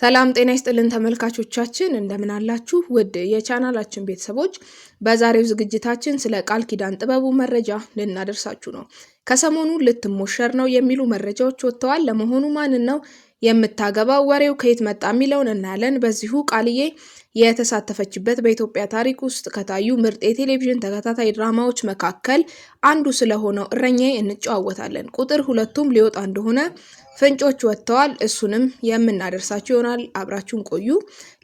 ሰላም ጤና ይስጥልን ተመልካቾቻችን፣ እንደምን አላችሁ? ውድ የቻናላችን ቤተሰቦች በዛሬው ዝግጅታችን ስለ ቃል ኪዳን ጥበቡ መረጃ ልናደርሳችሁ ነው። ከሰሞኑ ልትሞሸር ነው የሚሉ መረጃዎች ወጥተዋል። ለመሆኑ ማንን ነው የምታገባው ወሬው ከየት መጣ የሚለውን እናያለን። በዚሁ ቃልዬ የተሳተፈችበት በኢትዮጵያ ታሪክ ውስጥ ከታዩ ምርጥ የቴሌቪዥን ተከታታይ ድራማዎች መካከል አንዱ ስለሆነው እረኛዬ እንጨዋወታለን። ቁጥር ሁለቱም ሊወጣ እንደሆነ ፍንጮች ወጥተዋል። እሱንም የምናደርሳችሁ ይሆናል። አብራችሁን ቆዩ።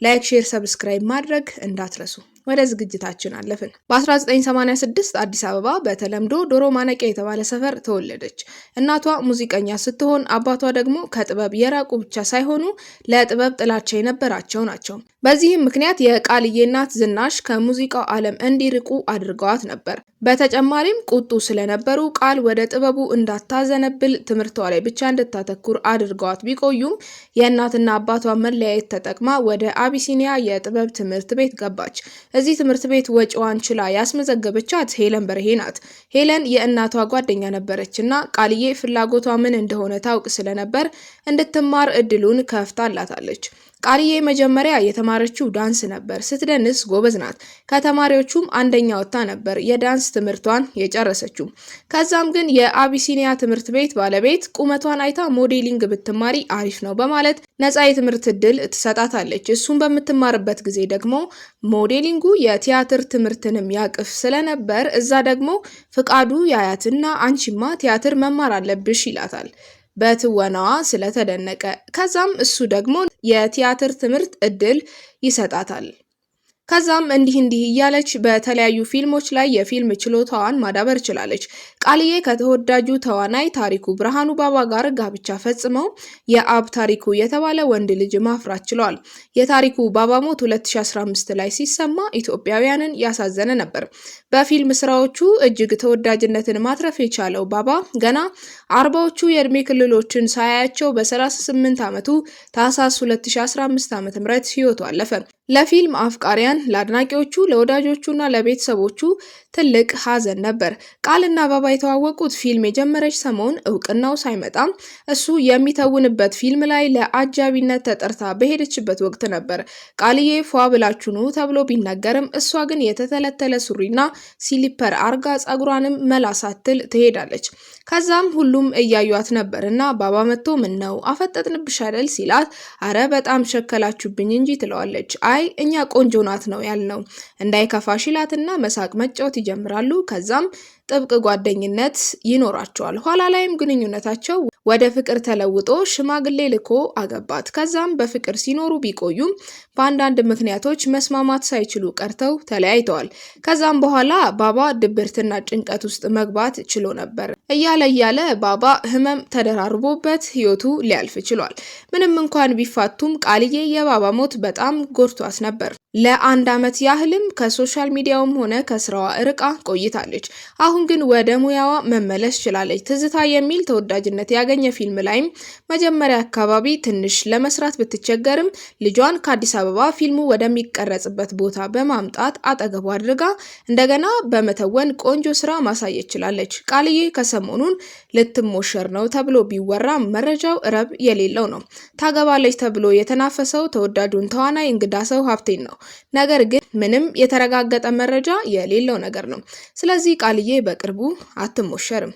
ላይክ፣ ሼር፣ ሰብስክራይብ ማድረግ እንዳትረሱ። ወደ ዝግጅታችን አለፍን። በ1986 አዲስ አበባ በተለምዶ ዶሮ ማነቂያ የተባለ ሰፈር ተወለደች። እናቷ ሙዚቀኛ ስትሆን አባቷ ደግሞ ከጥበብ የራቁ ብቻ ሳይሆኑ ለጥበብ ጥላቻ የነበራቸው ናቸው። በዚህም ምክንያት የቃልዬ እናት ዝናሽ ከሙዚቃው ዓለም እንዲርቁ አድርገዋት ነበር። በተጨማሪም ቁጡ ስለነበሩ ቃል ወደ ጥበቡ እንዳታዘነብል ትምህርቷ ላይ ብቻ እንድታተኩር አድርገዋት ቢቆዩም የእናትና አባቷ መለያየት ተጠቅማ ወደ አቢሲኒያ የጥበብ ትምህርት ቤት ገባች። እዚህ ትምህርት ቤት ወጪዋን ችላ ያስመዘገበቻት ሄለን በርሄ ናት። ሄለን የእናቷ ጓደኛ ነበረች እና ቃልዬ ፍላጎቷ ምን እንደሆነ ታውቅ ስለነበር እንድትማር እድሉን ከፍታላታለች። ቃልዬ መጀመሪያ የተማረችው ዳንስ ነበር። ስትደንስ ጎበዝ ናት። ከተማሪዎቹም አንደኛ ወጥታ ነበር የዳንስ ትምህርቷን የጨረሰችው። ከዛም ግን የአቢሲኒያ ትምህርት ቤት ባለቤት ቁመቷን አይታ ሞዴሊንግ ብትማሪ አሪፍ ነው በማለት ነፃ የትምህርት እድል ትሰጣታለች። እሱን በምትማርበት ጊዜ ደግሞ ሞዴሊንጉ የቲያትር ትምህርትንም ያቅፍ ስለነበር እዛ ደግሞ ፍቃዱ ያያትና አንቺማ ቲያትር መማር አለብሽ ይላታል። በትወናዋ ስለተደነቀ ከዛም እሱ ደግሞ የቲያትር ትምህርት እድል ይሰጣታል። ከዛም እንዲህ እንዲህ እያለች በተለያዩ ፊልሞች ላይ የፊልም ችሎታዋን ማዳበር ችላለች። ቃልዬ ከተወዳጁ ተዋናይ ታሪኩ ብርሃኑ ባባ ጋር ጋብቻ ፈጽመው የአብ ታሪኩ የተባለ ወንድ ልጅ ማፍራት ችለዋል። የታሪኩ ባባ ሞት 2015 ላይ ሲሰማ ኢትዮጵያውያንን ያሳዘነ ነበር። በፊልም ስራዎቹ እጅግ ተወዳጅነትን ማትረፍ የቻለው ባባ ገና አርባዎቹ የእድሜ ክልሎችን ሳያያቸው በ38 ዓመቱ ታህሳስ 2015 ዓ.ም ህይወቱ አለፈ። ለፊልም አፍቃሪያን፣ ለአድናቂዎቹ፣ ለወዳጆቹ እና ለቤተሰቦቹ ትልቅ ሀዘን ነበር። ቃልና አበባ የተዋወቁት ፊልም የጀመረች ሰሞን እውቅናው ሳይመጣም እሱ የሚተውንበት ፊልም ላይ ለአጃቢነት ተጠርታ በሄደችበት ወቅት ነበር። ቃልዬ ፏ ብላችሁ ተብሎ ቢነገርም እሷ ግን የተተለተለ ሱሪና ሲሊፐር አርጋ ጸጉሯንም መላሳትል ትሄዳለች። ከዛም ሁሉም እያዩት ነበር እና ባባ መጥቶ ምን ነው አፈጠጥንብሽ አይደል ሲላት፣ አረ በጣም ሸከላችሁብኝ እንጂ ትለዋለች። አይ እኛ ቆንጆ ናት ነው ያልነው እንዳይከፋሽ ይላትና መሳቅ መጫወት ይጀምራሉ። ከዛም ጥብቅ ጓደኝነት ይኖራቸዋል። ኋላ ላይም ግንኙነታቸው ወደ ፍቅር ተለውጦ ሽማግሌ ልኮ አገባት። ከዛም በፍቅር ሲኖሩ ቢቆዩም በአንዳንድ ምክንያቶች መስማማት ሳይችሉ ቀርተው ተለያይተዋል። ከዛም በኋላ ባባ ድብርትና ጭንቀት ውስጥ መግባት ችሎ ነበር። እያለ እያለ ባባ ህመም ተደራርቦበት ህይወቱ ሊያልፍ ችሏል። ምንም እንኳን ቢፋቱም ቃልዬ የባባ ሞት በጣም ጎድቷት ነበር። ለአንድ ዓመት ያህልም ከሶሻል ሚዲያውም ሆነ ከስራዋ እርቃ ቆይታለች። አሁን ግን ወደ ሙያዋ መመለስ ችላለች። ትዝታ የሚል ተወዳጅነት ያገ የተሰኘ ፊልም ላይም መጀመሪያ አካባቢ ትንሽ ለመስራት ብትቸገርም ልጇን ከአዲስ አበባ ፊልሙ ወደሚቀረጽበት ቦታ በማምጣት አጠገቡ አድርጋ እንደገና በመተወን ቆንጆ ስራ ማሳየት ችላለች። ቃልዬ ከሰሞኑን ልትሞሸር ነው ተብሎ ቢወራም መረጃው ረብ የሌለው ነው። ታገባለች ተብሎ የተናፈሰው ተወዳጁን ተዋናይ እንግዳ ሰው ሀብቴን ነው። ነገር ግን ምንም የተረጋገጠ መረጃ የሌለው ነገር ነው። ስለዚህ ቃልዬ በቅርቡ አትሞሸርም።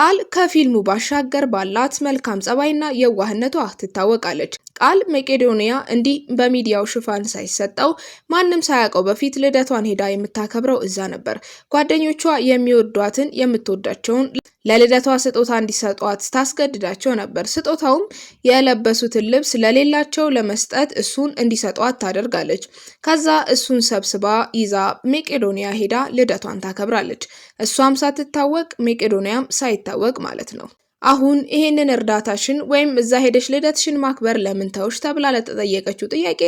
ቃል ከፊልሙ ባሻገር ባላት መልካም ጸባይና የዋህነቷ ትታወቃለች። ቃል መቄዶንያ እንዲህ በሚዲያው ሽፋን ሳይሰጠው ማንም ሳያውቀው በፊት ልደቷን ሄዳ የምታከብረው እዛ ነበር። ጓደኞቿ የሚወዷትን የምትወዳቸውን ለልደቷ ስጦታ እንዲሰጧት ታስገድዳቸው ነበር። ስጦታውም የለበሱትን ልብስ ለሌላቸው ለመስጠት እሱን እንዲሰጧት ታደርጋለች። ከዛ እሱን ሰብስባ ይዛ መቄዶንያ ሄዳ ልደቷን ታከብራለች። እሷም ሳትታወቅ መቄዶንያም ሳይታወቅ ማለት ነው። አሁን ይሄንን እርዳታሽን ወይም እዛ ሄደሽ ልደትሽን ማክበር ለምን ተውሽ ተብላ ለተጠየቀችው ጥያቄ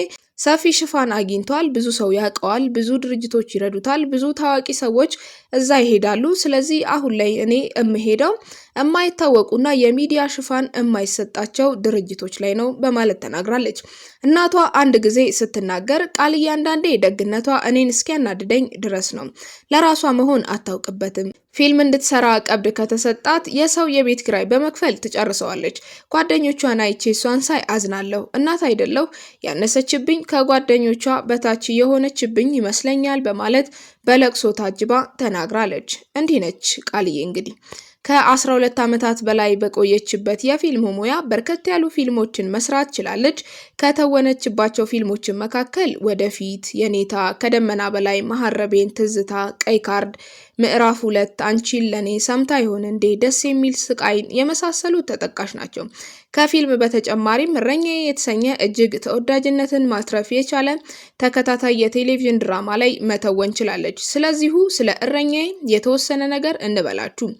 ሰፊ ሽፋን አግኝቷል። ብዙ ሰው ያውቀዋል፣ ብዙ ድርጅቶች ይረዱታል፣ ብዙ ታዋቂ ሰዎች እዛ ይሄዳሉ። ስለዚህ አሁን ላይ እኔ የምሄደው የማይታወቁና የሚዲያ ሽፋን የማይሰጣቸው ድርጅቶች ላይ ነው በማለት ተናግራለች። እናቷ አንድ ጊዜ ስትናገር ቃል እያንዳንዴ ደግነቷ እኔን እስኪያናድደኝ ድረስ ነው። ለራሷ መሆን አታውቅበትም። ፊልም እንድትሰራ ቀብድ ከተሰጣት የሰው የቤት ግራይ በመክፈል ትጨርሰዋለች። ጓደኞቿን አይቼ እሷን ሳይ አዝናለሁ። እናት አይደለሁ ያነሰችብኝ፣ ከጓደኞቿ በታች የሆነችብኝ ይመስለኛል በማለት በለቅሶ ታጅባ ተናግራለች። እንዲህ ነች ቃልዬ እንግዲህ ከ12 ዓመታት በላይ በቆየችበት የፊልም ሙያ በርከት ያሉ ፊልሞችን መስራት ችላለች። ከተወነችባቸው ፊልሞችን መካከል ወደፊት፣ የኔታ፣ ከደመና በላይ፣ መሐረቤን፣ ትዝታ፣ ቀይ ካርድ፣ ምዕራፍ ሁለት፣ አንቺን ለኔ፣ ሰምታ ይሆን እንዴ፣ ደስ የሚል ስቃይን የመሳሰሉት ተጠቃሽ ናቸው። ከፊልም በተጨማሪም እረኛዬ የተሰኘ እጅግ ተወዳጅነትን ማትረፍ የቻለ ተከታታይ የቴሌቪዥን ድራማ ላይ መተወን ችላለች። ስለዚሁ ስለ እረኛዬ የተወሰነ ነገር እንበላችሁ።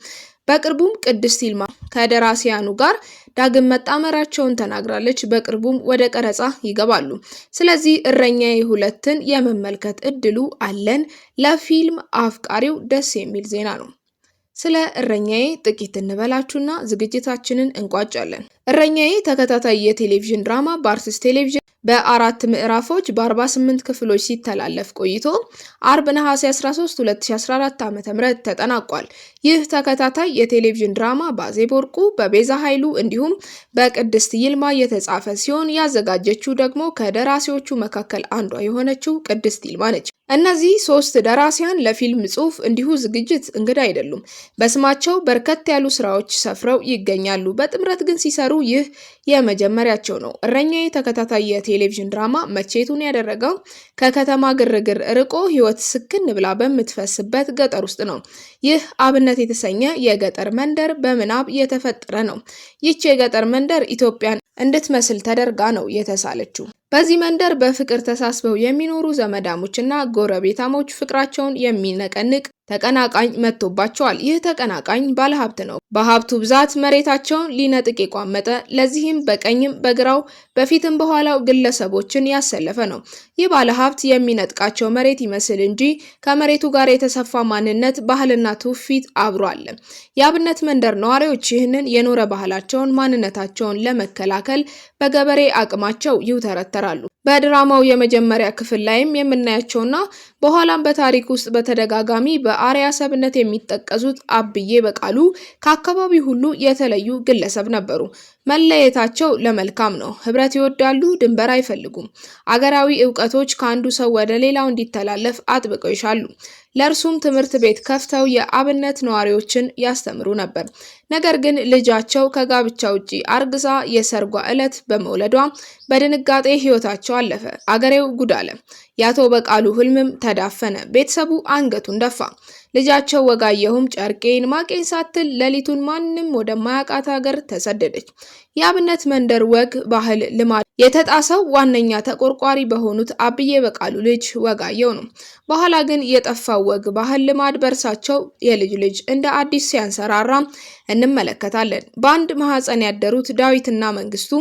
በቅርቡም ቅድስት ይልማ ከደራሲያኑ ጋር ዳግም መጣመራቸውን ተናግራለች። በቅርቡም ወደ ቀረጻ ይገባሉ። ስለዚህ እረኛዬ ሁለትን የመመልከት እድሉ አለን። ለፊልም አፍቃሪው ደስ የሚል ዜና ነው። ስለ እረኛዬ ጥቂት እንበላችሁና ዝግጅታችንን እንቋጫለን። እረኛዬ ተከታታይ የቴሌቪዥን ድራማ በአርትስ ቴሌቪዥን በአራት ምዕራፎች በ48 ክፍሎች ሲተላለፍ ቆይቶ አርብ ነሐሴ 13 2014 ዓ.ም ተጠናቋል። ይህ ተከታታይ የቴሌቪዥን ድራማ በአዜብ ወርቁ፣ በቤዛ ኃይሉ እንዲሁም በቅድስት ይልማ የተጻፈ ሲሆን ያዘጋጀችው ደግሞ ከደራሲዎቹ መካከል አንዷ የሆነችው ቅድስት ይልማ ነች። እነዚህ ሶስት ደራሲያን ለፊልም ጽሑፍ እንዲሁ ዝግጅት እንግዳ አይደሉም። በስማቸው በርከት ያሉ ስራዎች ሰፍረው ይገኛሉ። በጥምረት ግን ሲሰሩ ይህ የመጀመሪያቸው ነው። እረኛ ተከታታይ ቴሌቪዥን ድራማ መቼቱን ያደረገው ከከተማ ግርግር ርቆ ህይወት ስክን ብላ በምትፈስበት ገጠር ውስጥ ነው። ይህ አብነት የተሰኘ የገጠር መንደር በምናብ የተፈጠረ ነው። ይቺ የገጠር መንደር ኢትዮጵያን እንድትመስል ተደርጋ ነው የተሳለችው። በዚህ መንደር በፍቅር ተሳስበው የሚኖሩ ዘመዳሞችና ጎረቤታሞች ፍቅራቸውን የሚነቀንቅ ተቀናቃኝ መጥቶባቸዋል። ይህ ተቀናቃኝ ባለሀብት ነው። በሀብቱ ብዛት መሬታቸውን ሊነጥቅ የቋመጠ ለዚህም በቀኝም በግራው በፊትም በኋላው ግለሰቦችን ያሰለፈ ነው። ይህ ባለሀብት የሚነጥቃቸው መሬት ይመስል እንጂ ከመሬቱ ጋር የተሰፋ ማንነት፣ ባህልና ትውፊት አብሮ አለ። የአብነት መንደር ነዋሪዎች ይህንን የኖረ ባህላቸውን ማንነታቸውን ለመከላከል በገበሬ አቅማቸው ይውተረታል ይከራከራሉ። በድራማው የመጀመሪያ ክፍል ላይም የምናያቸውና በኋላም በታሪክ ውስጥ በተደጋጋሚ በአርያ ሰብነት የሚጠቀሱት አብዬ በቃሉ ከአካባቢው ሁሉ የተለዩ ግለሰብ ነበሩ። መለየታቸው ለመልካም ነው። ህብረት ይወዳሉ፣ ድንበር አይፈልጉም። አገራዊ እውቀቶች ከአንዱ ሰው ወደ ሌላው እንዲተላለፍ አጥብቀው ይሻሉ። ለእርሱም ትምህርት ቤት ከፍተው የአብነት ነዋሪዎችን ያስተምሩ ነበር። ነገር ግን ልጃቸው ከጋብቻ ውጪ አርግዛ የሰርጓ ዕለት በመውለዷ በድንጋጤ ህይወታቸው አለፈ። አገሬው ጉድ አለ። የአቶ በቃሉ ህልምም ተዳፈነ። ቤተሰቡ አንገቱን ደፋ። ልጃቸው ወጋየሁም ጨርቄን ማቄን ሳትል ሌሊቱን ማንም ወደማያውቃት ሀገር ተሰደደች። የአብነት መንደር ወግ፣ ባህል፣ ልማድ የተጣሰው ዋነኛ ተቆርቋሪ በሆኑት አብዬ በቃሉ ልጅ ወጋየሁ ነው። በኋላ ግን የጠፋው ወግ፣ ባህል፣ ልማድ በእርሳቸው የልጅ ልጅ እንደ አዲስ ሲያንሰራራ እንመለከታለን። በአንድ ማህፀን ያደሩት ዳዊትና መንግስቱ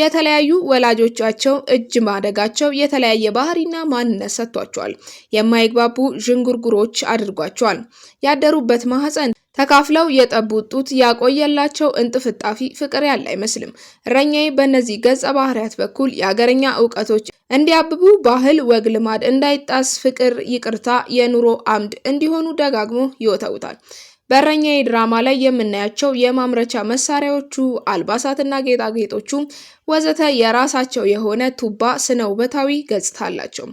የተለያዩ ወላጆቻቸው እጅ ማደጋቸው የተለያየ ባህሪና ማንነት ሰጥቷቸዋል። የማይግባቡ ዥንጉርጉሮች አድርጓቸዋል። ያደሩበት ማህፀን ተካፍለው የጠቡት ጡት ያቆየላቸው እንጥፍጣፊ ፍቅር ያለ አይመስልም። እረኛዬ በእነዚህ ገጸ ባህሪያት በኩል የአገረኛ እውቀቶች እንዲያብቡ ባህል፣ ወግ፣ ልማድ እንዳይጣስ፣ ፍቅር፣ ይቅርታ የኑሮ አምድ እንዲሆኑ ደጋግሞ ይወተውታል። በረኛ ድራማ ላይ የምናያቸው የማምረቻ መሳሪያዎቹ፣ አልባሳትና ጌጣጌጦቹ ወዘተ የራሳቸው የሆነ ቱባ ስነ ውበታዊ ገጽታ አላቸው።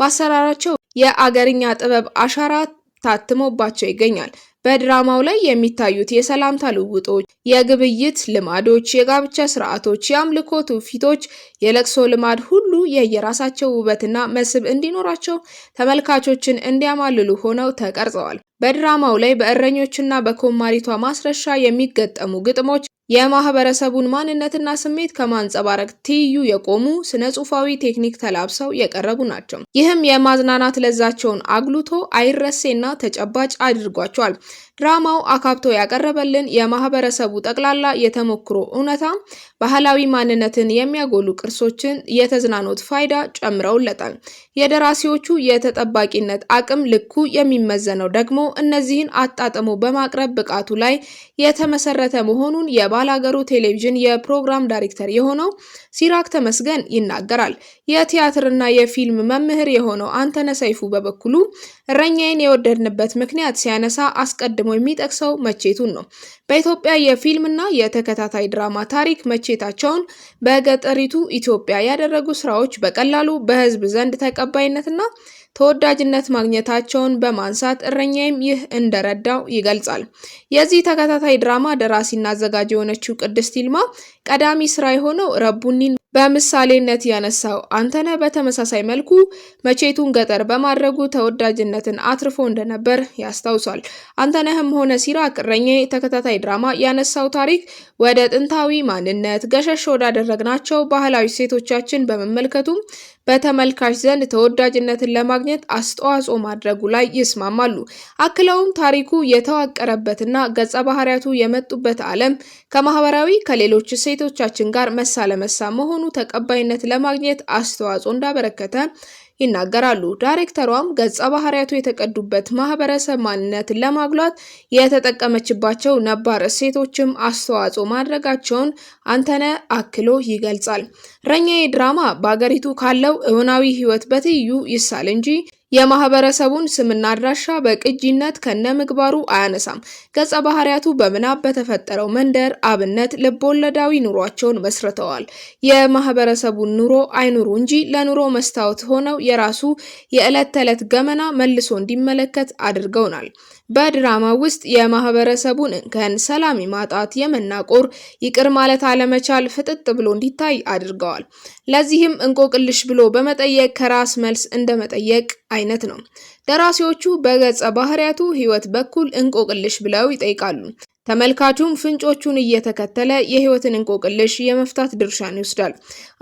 በአሰራራቸው የአገርኛ ጥበብ አሻራ ታትሞባቸው ይገኛል። በድራማው ላይ የሚታዩት የሰላምታ ልውውጦች የግብይት ልማዶች፣ የጋብቻ ስርዓቶች፣ የአምልኮ ትውፊቶች፣ የለቅሶ ልማድ ሁሉ የየራሳቸው ውበትና መስህብ እንዲኖራቸው ተመልካቾችን እንዲያማልሉ ሆነው ተቀርጸዋል። በድራማው ላይ በእረኞችና በኮማሪቷ ማስረሻ የሚገጠሙ ግጥሞች የማህበረሰቡን ማንነትና ስሜት ከማንጸባረቅ ትይዩ የቆሙ ስነ ጽሁፋዊ ቴክኒክ ተላብሰው የቀረቡ ናቸው። ይህም የማዝናናት ለዛቸውን አጉልቶ አይረሴና ተጨባጭ አድርጓቸዋል። ድራማው አካብቶ ያቀረበልን የማህበረሰቡ ጠቅላላ የተሞክሮ እውነታ ባህላዊ ማንነትን የሚያጎሉ ቅርሶችን የተዝናኖት ፋይዳ ጨምረውለታል። የደራሲዎቹ የተጠባቂነት አቅም ልኩ የሚመዘነው ደግሞ እነዚህን አጣጥሞ በማቅረብ ብቃቱ ላይ የተመሰረተ መሆኑን የባ ባላገሩ ቴሌቪዥን የፕሮግራም ዳይሬክተር የሆነው ሲራክ ተመስገን ይናገራል። የቲያትርና የፊልም መምህር የሆነው አንተነ ሰይፉ በበኩሉ እረኛዬን የወደድንበት ምክንያት ሲያነሳ አስቀድሞ የሚጠቅሰው መቼቱን ነው። በኢትዮጵያ የፊልምና የተከታታይ ድራማ ታሪክ መቼታቸውን በገጠሪቱ ኢትዮጵያ ያደረጉ ስራዎች በቀላሉ በህዝብ ዘንድ ተቀባይነትና ተወዳጅነት ማግኘታቸውን በማንሳት እረኛይም ይህ እንደረዳው ይገልጻል። የዚህ ተከታታይ ድራማ ደራሲና አዘጋጅ የሆነችው ቅድስት ይልማ ቀዳሚ ስራ የሆነው ረቡኒን በምሳሌነት ያነሳው አንተነህ በተመሳሳይ መልኩ መቼቱን ገጠር በማድረጉ ተወዳጅነትን አትርፎ እንደነበር ያስታውሳል። አንተነህም ሆነ ሲራክ እረኛዬ ተከታታይ ድራማ ያነሳው ታሪክ ወደ ጥንታዊ ማንነት ገሸሽ ወዳደረግናቸው ባህላዊ ሴቶቻችን በመመልከቱም በተመልካች ዘንድ ተወዳጅነትን ለማግኘት አስተዋጽኦ ማድረጉ ላይ ይስማማሉ። አክለውም ታሪኩ የተዋቀረበትና ገጸ ባህሪያቱ የመጡበት ዓለም ከማህበራዊ ከሌሎች እሴቶቻችን ጋር መሳ ለመሳ መሆኑ ተቀባይነት ለማግኘት አስተዋጽኦ እንዳበረከተ ይናገራሉ። ዳይሬክተሯም ገጸ ባህሪያቱ የተቀዱበት ማህበረሰብ ማንነት ለማጉላት የተጠቀመችባቸው ነባር እሴቶችም አስተዋጽኦ ማድረጋቸውን አንተነ አክሎ ይገልጻል። እረኛዬ ድራማ በአገሪቱ ካለው እውናዊ ህይወት በትይዩ ይሳል እንጂ የማህበረሰቡን ስምና አድራሻ በቅጂነት ከነምግባሩ አያነሳም። ገጸ ባህሪያቱ በምናብ በተፈጠረው መንደር አብነት ልቦለዳዊ ኑሯቸውን መስርተዋል። የማህበረሰቡን ኑሮ አይኑሩ እንጂ ለኑሮ መስታወት ሆነው የራሱ የዕለት ተዕለት ገመና መልሶ እንዲመለከት አድርገውናል። በድራማ ውስጥ የማህበረሰቡን እንከን፣ ሰላም ማጣት፣ የመናቆር፣ ይቅር ማለት አለመቻል ፍጥጥ ብሎ እንዲታይ አድርገዋል። ለዚህም እንቆቅልሽ ብሎ በመጠየቅ ከራስ መልስ እንደመጠየቅ አይነት ነው። ደራሲዎቹ በገጸ ባህሪያቱ ህይወት በኩል እንቆቅልሽ ብለው ይጠይቃሉ። ተመልካቹም ፍንጮቹን እየተከተለ የህይወትን እንቆቅልሽ የመፍታት ድርሻን ይወስዳል።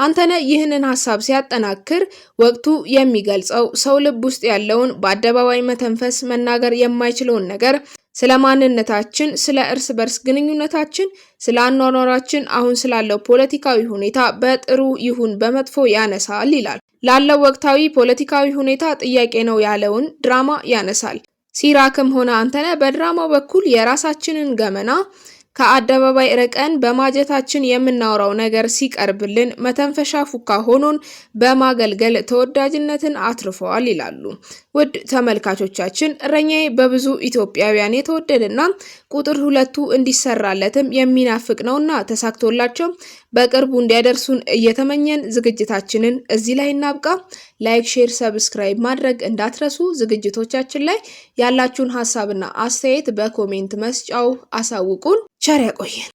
አንተነ ይህንን ሀሳብ ሲያጠናክር ወቅቱ የሚገልጸው ሰው ልብ ውስጥ ያለውን በአደባባይ መተንፈስ መናገር የማይችለውን ነገር ስለ ማንነታችን፣ ስለ እርስ በርስ ግንኙነታችን፣ ስለ አኗኗራችን፣ አሁን ስላለው ፖለቲካዊ ሁኔታ በጥሩ ይሁን በመጥፎ ያነሳል ይላል። ላለው ወቅታዊ ፖለቲካዊ ሁኔታ ጥያቄ ነው ያለውን ድራማ ያነሳል። ሲራክም ሆነ አንተነ በድራማው በኩል የራሳችንን ገመና ከአደባባይ ርቀን በማጀታችን የምናወራው ነገር ሲቀርብልን መተንፈሻ ፉካ ሆኖን በማገልገል ተወዳጅነትን አትርፈዋል ይላሉ። ውድ ተመልካቾቻችን እረኛዬ በብዙ ኢትዮጵያውያን የተወደደና ቁጥር ሁለቱ እንዲሰራለትም የሚናፍቅ ነውና ተሳክቶላቸው በቅርቡ እንዲያደርሱን እየተመኘን ዝግጅታችንን እዚህ ላይ እናብቃ። ላይክ፣ ሼር፣ ሰብስክራይብ ማድረግ እንዳትረሱ። ዝግጅቶቻችን ላይ ያላችሁን ሀሳብና አስተያየት በኮሜንት መስጫው አሳውቁን። ቸር ያቆየን።